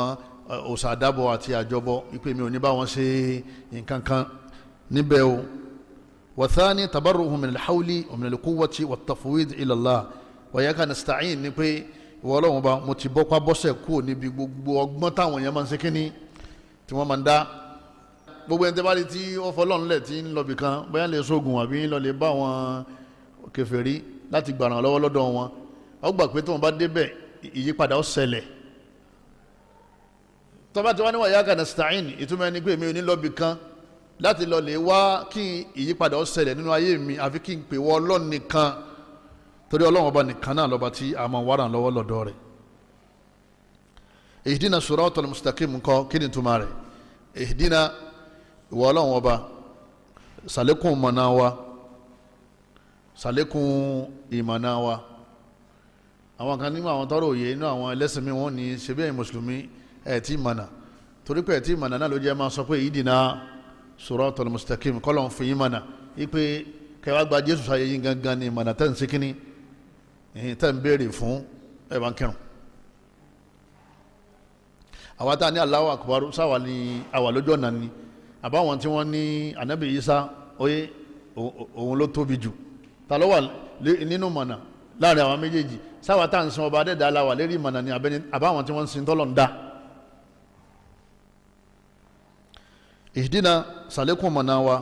òsàdábọ̀ àti àjọbọ̀ ìpè mi ò ní bá wọn ṣe nǹkan kan níbẹ̀ o wàtáni tabarruhum min alhawli wa min alquwwati wattafwid ila nasta'in ni pé ìwọ ọlọ́run ba mo ti bọ́pá bọ́sẹ̀ kúrò níbi gbogbo ọgbọ́n táwọn èèyàn máa ń ṣe kínní tí wọ́n máa ń dá gbogbo ẹni tẹ́ bá rí tí ó fọlọ́run tí ń lọ bìkan bóyá lè sógun àbí lọ lè bá àwọn kèfèrí láti gbàràn lọ́wọ́ lọ́dọ̀ wọn ó gbà pé tóun bá débẹ̀ ìyípadà ó ṣẹlẹ̀ tọ́ba tí wọ́n ní wà yáàkà nasta'in ìtumọ̀ ẹni pé èmi ò ní lọ́bì kan láti lọ lè wá kí ìyípadà ó ṣẹlẹ̀ nínú ayé mi àfi kí n pè wọ́ ọlọ́run nìkan torí ọlọ́run ọba nìkan náà lọ́ba tí a máa wárà lọ́wọ́ lọ́dọ̀ rẹ̀ ihdina suratal mustaqim kọ́ kí ni túmọ̀ rẹ̀ ihdina ìwọ ọlọ́run ọba sàlékùn mọ̀nà wa sàlékún imana wa àwọn kan nínú àwọn tọrọ òye inú àwọn ẹlẹ́sìn mi wọ́n ní ṣebí ẹ̀yin mùsùlùmí ẹ̀ tí mana torí pé ẹ̀ tí mọ̀nà náà ló jẹ́ máa sọ pé ìdìnnà suratul mustaqim kọ́lọ̀ ń fi yín mọ̀nà ipe kẹwàá gba jésù sáyé yín gangan ni mọ̀nà tẹ́ ń sí kínní tẹ́ ń béèrè fún ẹ̀ bá ń kírun àwa tá a ní Allahu Akbar sáwà ní àwà lójú ọ̀nà ni àbáwọn tí wọ́n ní anabi isa oye òun ló tóbi jù ta ló wà nínú mọ̀nà láàrin àwọn méjèèjì sáwà tá à ń sin ọba adẹ́dá aláwà lérí ìmọ̀nà ni àbáwọn tí wọ́n ń sin tọ́lọ̀ ń dá. ìdínà sàlékún mọ̀nà wa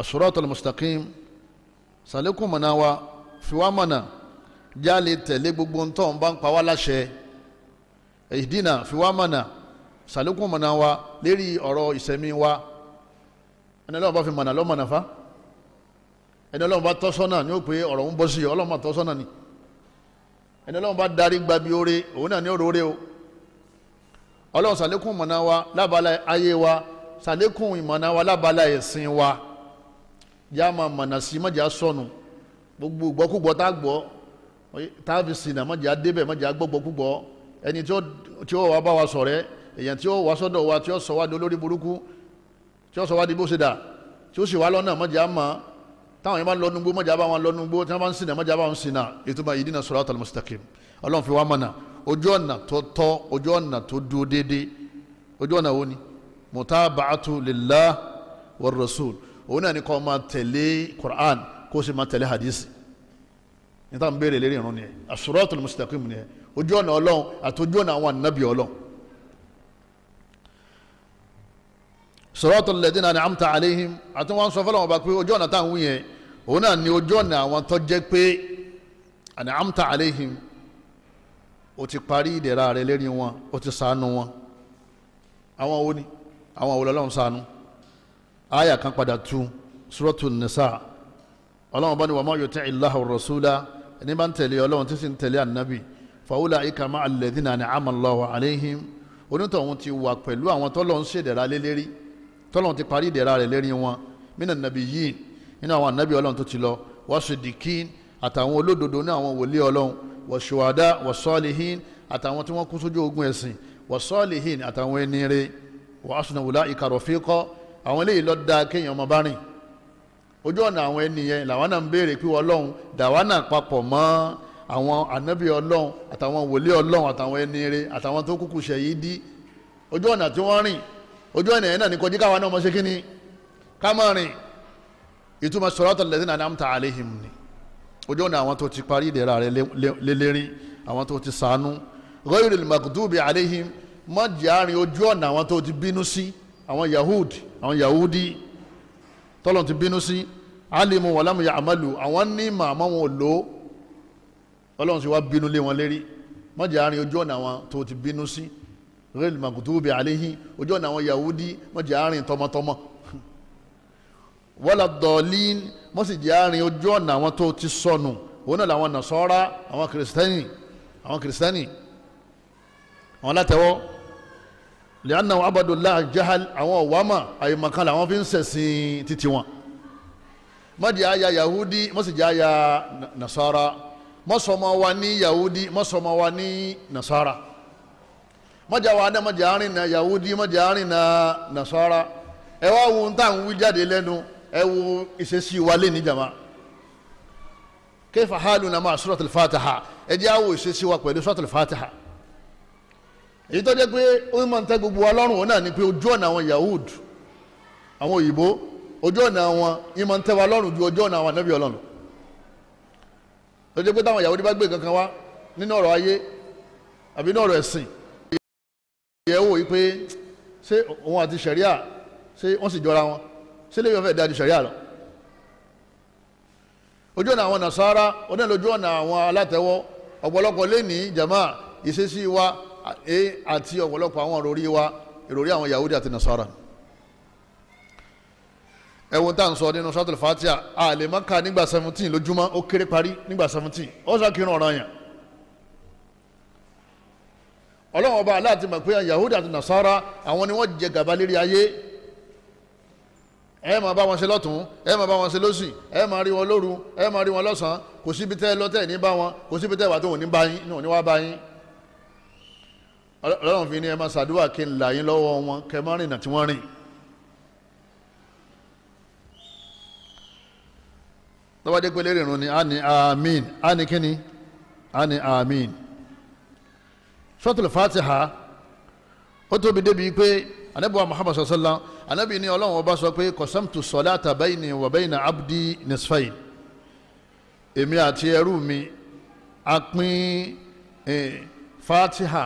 as-siratal mustaqim sàlékún mọ̀nà wa fi wá mọ̀nà jáde tẹ̀lé gbogbo ntọ́ ń bá ń pa wá láṣẹ ìdínà fi mọ̀nà sàlékún mọ̀nà wa lérí ọ̀rọ̀ ìsẹ̀mí wa ẹni lọ́wọ́ bá fi mọ̀nà lọ́mọ̀nà fa ẹni ọlọ́run bá tọ́sọ́nà ni ó pé ọ̀rọ̀ ń bọ́ sí ọlọ́run bá tọ́sọ́nà ni ẹni ọlọ́run bá darí gba bí oore òun náà ní ọ̀rọ̀ oore o ọlọ́run sàlékún ìmọ̀nà wa lábala ayé wa sàlékún ìmọ̀nà wa lábala ẹ̀sìn wa yá máa mọ̀nà sí mọ̀jà sọnù gbogbo gbọ́kúgbọ́ tá a gbọ́ tá a fi sìnà mọ̀jà débẹ̀ mọ̀jà gbọ́gbọ́kúgbọ́ ẹni tí ó wà bá wa ṣọ̀rẹ́ èèyàn tí ó wà sọ́dọ̀ wa tí ó sọ wá di olórí burúkú tí ó sọ wá di bó ṣe dà tí ó sì wá lọ́nà mọ̀jà máa táwọn yẹn bá lọ́nu gbó mọ́jà bá wọn lọ́nu gbó tí wọ́n bá ń sinà mọ́jà bá wọn sinà ètò bá yìdínà siratal mustaqim ọlọ́run fi wá mọ̀nà ojú ọ̀nà tó tọ́ ojú ọ̀nà tó dúró déédéé ojú ọ̀nà wo ni mutaba'atu lillah war rasul òun náà ni kó máa tẹ̀lé Qur'an kó o sì máa tẹ̀lé hadisi ní táwọn béèrè lérí ìrún ni as-siratal mustaqim ni ojú ọ̀nà ọlọ́run àti ojú ọ̀nà àwọn ànábì ọlọ́run siratal ladina an'amta alayhim àti wọn sọ fọlọ́wọn ojú ọ̀nà táwọn yẹn òun náà ni ojú ọ̀nà àwọn tó jẹ́ pé an'amta aleihim o ti parí ìdẹ̀ra rẹ lérí wọn o ti ṣàánú wọn àwọn wo ni àwọn wo lọ́lọ́run ṣàánú àyà kan padà tu suratu nisa ọlọ́run bá ní wa ma yuti' illaha wa rasula ẹni bá ń tẹ̀lé ọlọ́run tí sì ń tẹ̀lé ànábì fa ulaika ma'a alladhina an'ama Allahu aleihim onítọ̀hún ti wà pẹ̀lú àwọn tọ́lọ́run ṣèdẹ̀ra lé lérí tọ́lọ́run ti parí ìdẹ̀ra rẹ lérí wọn minan nínú àwọn ànábì ọlọ́run tó ti lọ wasidikin àtàwọn olódodo ní àwọn wòlíì ọlọ́run wasuwada wasalihin àtàwọn tí wọ́n kú sójú ogun ẹ̀sìn wasalihin àtàwọn ẹni rẹ̀ wàásùnà wùlá ìkàrọ̀fíkọ́ àwọn eléyìí lọ da kéèyàn ọmọ bá rìn ojú ọ̀nà àwọn ẹni yẹn làwọn náà ń béèrè pé ọlọ́run dàwa náà papọ̀ mọ́ àwọn ànábì ọlọ́run àtàwọn wòlíì ọlọ́run àtàwọn ẹni àtàwọn tó kúkú ṣẹ̀yí dí ojú ọ̀nà tí wọ́n rìn ojú ọ̀nà yẹn náà ní kọjú káwa náà mọ̀ ṣe kí ká mọ̀ rìn ìtumọ̀ sọ̀rọ̀tà lẹ́sìn àná àmta àléhìm ni ojú ọ̀nà àwọn tó ti parí ìdẹ̀ra rẹ lélẹ́rìn àwọn tó ti sànú ghayril maghdubi àléhìm má jàrin ojú ọ̀nà àwọn tó ti bínú sí àwọn yahudi àwọn yahudi tọ́lọ̀ ti bínú sí alimu wàlámù ya'malu àwọn ní màmá wọn lò ọlọ́run sì wá bínú lé wọn lérí má jàrin ojú ọ̀nà àwọn tó ti bínú sí ghayril maghdubi àléhìm ojú ọ̀nà àwọn yahudi má jàrin tọmọtọmọ wọ́lá dọ̀ọ́lín wọ́n sì jẹ́ àárín ojú ọ̀nà àwọn tó ti sọnù òun náà làwọn nàṣọ́ra àwọn kìrìsìtẹ́nì àwọn kìrìsìtẹ́nì àwọn látẹ̀wọ́ lẹ́yìnà àwọn abadullah jahal àwọn ọ̀wámà àyèmọ̀kan làwọn fi ń sẹ̀sìn títí wọn mọ́jì àyà yahudi mọ́sì jẹ́ àyà nàṣọ́ra mọ́sọ̀mọ́ wa ní yahudi mọ́sọ̀mọ́ wa ní nàṣọ́ra mọ́jà wa dẹ́ mọ́jà àárín yahudi mọ́jà àárín nàṣọ́ra ẹ wá wo ń tà ń wí jáde lẹ́nu ẹ wo ìṣesí wa lé níjàmá kayfa haluna ma suratul fatiha ẹ jẹ́ àwọ̀ ìṣesí wa pẹ̀lú suratul fatiha èyí tó jẹ́ pé ó máa ń tẹ́ gbogbo wa lọ́rùn wọn náà ni pé ojú ọ̀nà àwọn yahood àwọn òyìnbó ojú ọ̀nà àwọn yìí máa ń tẹ́ wa lọ́rùn ju ojú ọ̀nà àwọn ànábì ọlọ́run tó jẹ́ pé táwọn yahood bá gbé kankan wá nínú ọ̀rọ̀ ayé àbí nínú ọ̀rọ̀ ẹ̀sìn ìyẹ̀wò yìí pé ṣé òun àti ṣẹ̀ríà ṣé wọ́n sì jọra wọn sílẹ̀ yóò fẹ́ dájú sẹ̀ríà lọ ojú ọ̀nà àwọn nasara oní lójú ọ̀nà àwọn alátẹ̀wọ́ ọ̀pọ̀lọpọ̀ lẹ́ni jama ìṣesí wa e, àti ọ̀pọ̀lọpọ̀ àwọn ìròrí wa ìròrí àwọn yahudi àti nasara ẹ̀wọ̀n tá à ń sọ nínú suratul fatiha àlèmọ́ka nígbà seventeen lójúmọ́ ó kéré parí nígbà seventeen ó sọ kírun ọ̀ràn yàn ọlọ́run ọba aláàtìmọ̀ pé yahudi àti nasara àwọn ni wọ́n jẹ gàba lérí ayé ẹ máa bá wọn ṣe lọ́tún ẹ máa bá wọn ṣe lọ́sì ẹ rí wọn lóru ẹ rí wọn lọsan án kò síbi tẹ́ ẹ ní bá wọn kò síbi tẹ́ wà tó ní bá yín ní òní wá bá yín. ọlọ́run fi ni ẹ máa ṣàdúrà kí n là yín lọ́wọ́ wọn kẹ má rìnà tí wọ́n rìn. pé ni a ní àmín a ní kíni a ní sọ́tùlù fatiha ó tóbi débi pé. anabi wa muhammad sallallahu anabi ni ọlọ́run ọba sọ pé qasamtu salata bayni wa bayna abdi nisfayn èmi àti ẹrú mi a pín fatiha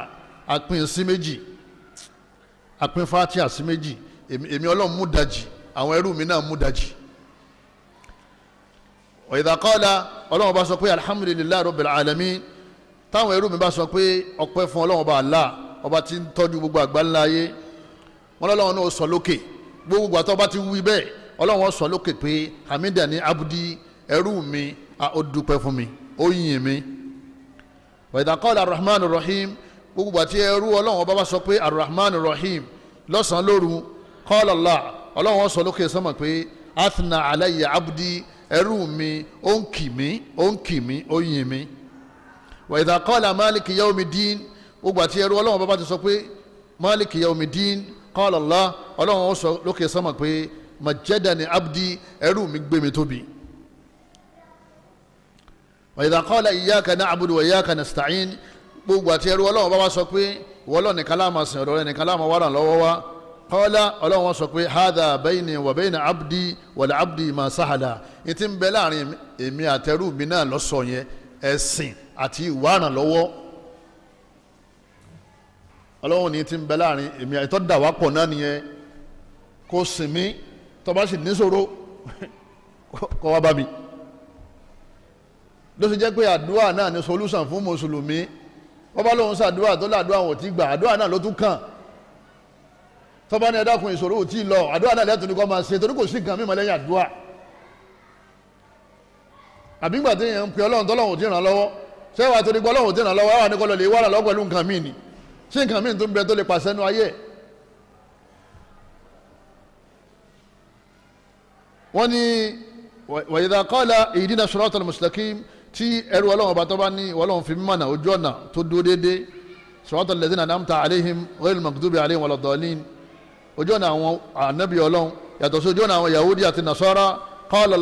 a pín sí méjì a pín fatiha sí méjì èmi ọlọ́run mú dajì àwọn ẹrú mi náà mú dajì wa idha qala ọlọ́run ọba sọ pé alhamdulillahi rabbil alamin táwọn ẹrú mi bá sọ pé ọpẹ́ fún ọlọ́run ọba Allah ọba tí ń tọ́jú gbogbo àgbáńlá ayé wọn lọ́wọ́ náà sọ lókè gbogbo àtọ́ bá ti wí bẹ́ẹ̀ ọlọ́wọ́ sọ lókè pé hamida ni abudi ẹrú mi ó dúpẹ́ fún mi ó yìn mi wa idha qala arrahman rahim gbogbo àti ẹrú ọlọ́wọ́ bá bá sọ pé arrahman rahim lọ́sàn-án lóru qala Allah ọlọ́wọ́ sọ lókè sọ́mọ̀ pé athna alayya abudi ẹrú mi ó ń kì mí ó ń kì mí ó yìn mi wa idha qala maliki gbogbo àti ẹrú ọlọ́wọ́ bá bá ti sọ pé maliki yawmi din qala Allah ọlọ́run ó sọ lókè sọ́mọ̀ pé majjadani abdi ẹrú mi gbé mi tóbi. wa idha qala iyyaka na'budu wa iyyaka nasta'in gbogbo àti ẹrú ọlọ́run bá wá sọ pé wọ́lọ́ nìkan láàmà sìn ọ̀dọ̀ rẹ nìkan láàmà wàrà lọ́wọ́ wá qala ọlọ́run wá sọ pé hadha bayni wa bayna abdi wal abdi ma sahala ètí ń bẹ láàrin èmi àtẹrú mi náà lọ́sọ̀ yẹn ẹ̀sìn àti ìwárànlọ́wọ́ ọlọ́run ni ti ń bẹ láàrin èmi àìtọ́ dà wá pọ̀ náà nìyẹn kó sìn mí tó bá sì níṣòro *laughs* kó wá bá mi ló ṣe jẹ́ pé àdúrà náà ni solution fún mùsùlùmí wọ́n bá lóun ṣàdúrà tó làdúrà wọn ò tí gbà àdúrà náà ló tún kàn tó bá ní ẹ̀dákun ìṣòro ò tí lọ àdúrà náà lẹ́tọ̀ọ́ ni kò máa ṣe torí kò sí nǹkan mímọ́ lẹ́yìn àdúrà àbígbà tí èèyàn ń pe ọlọ́run tọ́lọ́run ò tí ràn lọ́wọ́ ṣé wàá torí pé ọlọ́run ò tí ràn lọ́wọ́ àwọn àníkọ́ lọ lè wára lọ́ pẹ̀lú nǹkan míì ṣé nǹkan mìíràn tó ń bẹ tó lè pàṣẹ nu ayé wọ́n ní wàyídà kọ́lá ihdina siratal mustaqim tí ẹrú ọlọ́run ọba tó bá ní ọlọ́run fi mímọ̀ náà ojú ọ̀nà tó dúró déédéé siratal ladhina an'amta alaihim ghayril maghdubi alaihim waladdallin ojú ọ̀nà àwọn ànábì ọlọ́run yàtọ̀ sí ojú ọ̀nà àwọn yahudi àti nasara qala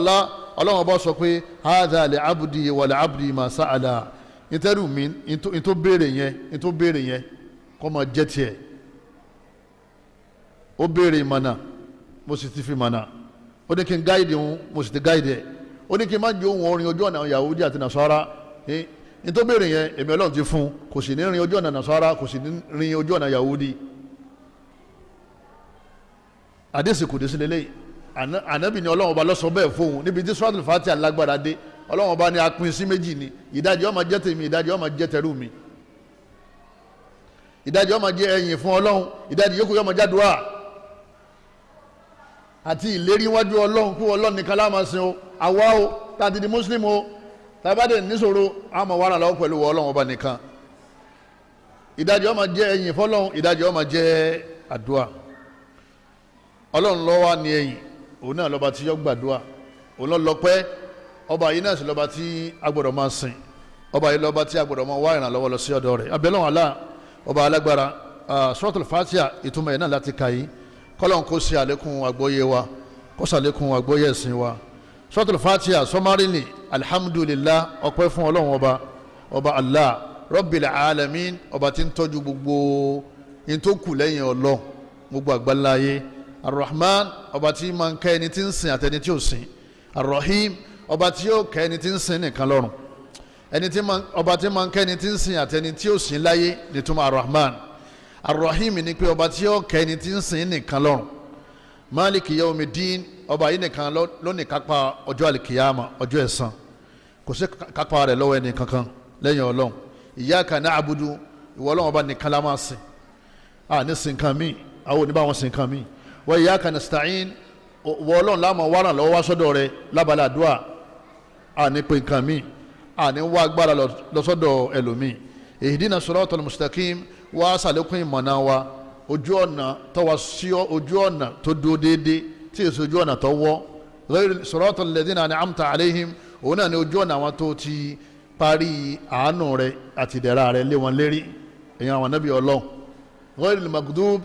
ọlọ́run ọba sọ pé hadha kọ́ máa jẹ́ tiẹ̀ ó béèrè ìmọ̀nà mo sì ti fi mọ̀nà ó ní kí n gáìdì òun mo sì ti gáìdì ẹ̀ ó ní kí n má jẹ́ òun orin ojú ọ̀nà Yahudi àti Nasara ní tó béèrè yẹn èmi Ọlọ́run ti fún kò sì ní rin ojú ọ̀nà Nasara kò sì ní rin ojú ọ̀nà Yahudi àdéhùn kò dé sí lélẹ́yìí ànábì ni Ọlọ́run ọba lọ́sọ bẹ́ẹ̀ fóun níbi tí suratul Fatiha lágbára dé Ọlọ́run ọba ni a pín sí méjì ni ìdajì ó jẹ́ tèmi ìdajì ó jẹ́ tẹrú mi ìdajì yóò máa jẹ́ ẹ̀yìn fún ọlọ́run ìdajì yòókù yóò máa jẹ́ àdúrà àti ìlérí wájú ọlọ́run kú ọlọ́run nìkan la o àwa o tàbí di mùsùlùmí o tàbádé níṣòro àmọ̀ wàrà lọ́wọ́ pẹ̀lú ọlọ́run ọba nìkan ìdajì yóò máa jẹ́ ẹ̀yìn fọlọ́run ìdajì yóò máa jẹ́ àdúrà ọlọ́run ló wà ní ẹ̀yìn òun náà lọ́ba tí yọ gbàdúrà òun ló lọ́pẹ́ ọba yìí náà sì lọ́ba tí a máa sìn ọba yìí lọ́ba tí a máa wá ìrànlọ́wọ́ lọ sí ọ̀dọ̀ rẹ̀ abẹ́lẹ́ wọn aláà ọba alágbára suratul fatiha ìtumọ̀ yẹn náà láti kà yìí kọ́lọ́n kó ṣe àlékún àgbọ́yé wa kó ṣàlékún àgbọ́yé ẹ̀sìn wa suratul fatiha sọmárìnì alhamdulillah ọpẹ́ fún ọlọ́run ọba ọba allah rabbil alamin ọba tí ń tọ́jú gbogbo yín tó kù lẹ́yìn ọlọ́run gbogbo àgbáláyé arrahman ọba tí máa ń kẹ́ ẹni tí ń sìn àtẹni tí ò sìn arrahim ọba tí yóò kẹ́ ẹni tí ń sìn nìkan lọ́rùn ẹni tí ma ọba tí ma ń kẹ́ni tí ń sìn àtẹni tí ó sìn láyé nítumọ̀ arahman arahim ni pé ọba tí ó kẹ́ni tí ń sìn nìkan lọ́rùn maliki yaomi dín ọba yìí nìkan lónìí kápá ọjọ́ alikiyama ọjọ́ ẹ̀san kò sí kápá rẹ̀ lọ́wọ́ ẹni kankan lẹ́yìn ọlọ́run iyyaka na'budu ìwọ ọlọ́run ọba nìkan la máa sìn à ní sìn kan mí àwọn oníbà wọn sìn kan mí wa iyyaka nasta'in ìwọ ọlọ́run láàmú wàràn lọ́wọ́ wá sọ́dọ̀ rẹ̀ lábàlá àdúrà à ní pé nǹkan míì àní wá agbára lọ́sọ́dọ̀ ẹlòmíì ihdina siratal mustaqim wá sàlékún ìmọ̀nà wa ojú ọ̀nà tó wá sí ojú ọ̀nà tó dúró déédéé tí èso ojú ọ̀nà tó wọ́ siratal ladhina an'amta alayhim òun náà ni ojú ọ̀nà àwọn tó ti parí àánú rẹ àti ìdẹ̀ra rẹ lé wọn lérí èèyàn àwọn anábì ọlọ́run ghayril maghdub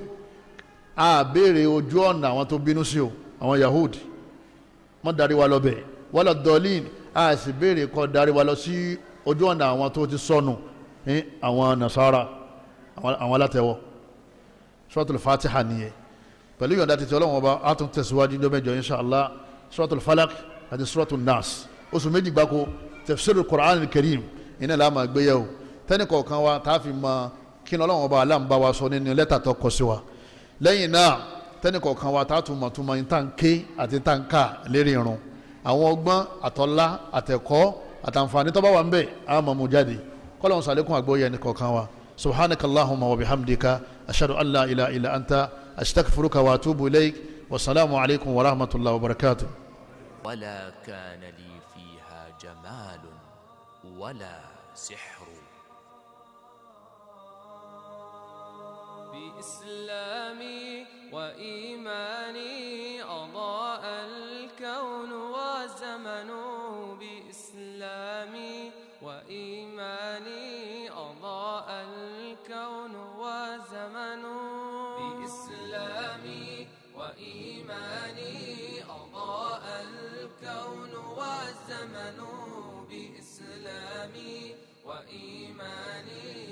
àbèrè ojú ọ̀nà àwọn tó bínú sí o àwọn yahudi wọ́n darí wa lọ́bẹ̀ wala ddalin a sì béèrè kó darí wa lọ sí ojú ọ̀nà àwọn tó ti sọnù ní àwọn nasara àwọn alátẹ̀wọ̀ suratul fatiha nìyẹn pẹ̀lú yọ̀ǹda títí ọlọ́run ọba a tún tẹ̀síwájú ní ọmọdé insha Allah suratul falak àti suratul nas oṣù méjì gbáko tafsirul qur'an karim iná la máa gbé yẹ̀wò kọ̀ọ̀kan wa tá a fi mọ kí ni ọlọ́run ọba aláǹbá wa sọ nínú lẹ́tà tó kọ sí wa lẹ́yìn náà tẹ́nì kọ̀ọ̀kan wa tá a tún mọ̀ tún mọ̀ ní tàǹké àti tàǹká lérí irun àwọn ọgbọ́n àtọ́lá àtẹ̀kọ́ àtàǹfààní tó bá wà ń bẹ̀ á mú jáde kọ́lọ́hún sàlékún àgbóyè ẹnì kọ̀ọ̀kan wa subhanaka allahumma wa bihamdika ashhadu an la ilaha illa anta astaghfiruka wa atubu ilayk alaykum wa ورحمة wa وبركاته ولا كان لي فيها جمال ولا سحر بإسلامي وإيماني أضاء الكون والزمن بإسلامي وإيماني أضاء الكون والزمن بإسلامي وإيماني أضاء الكون والزمن بإسلامي وإيماني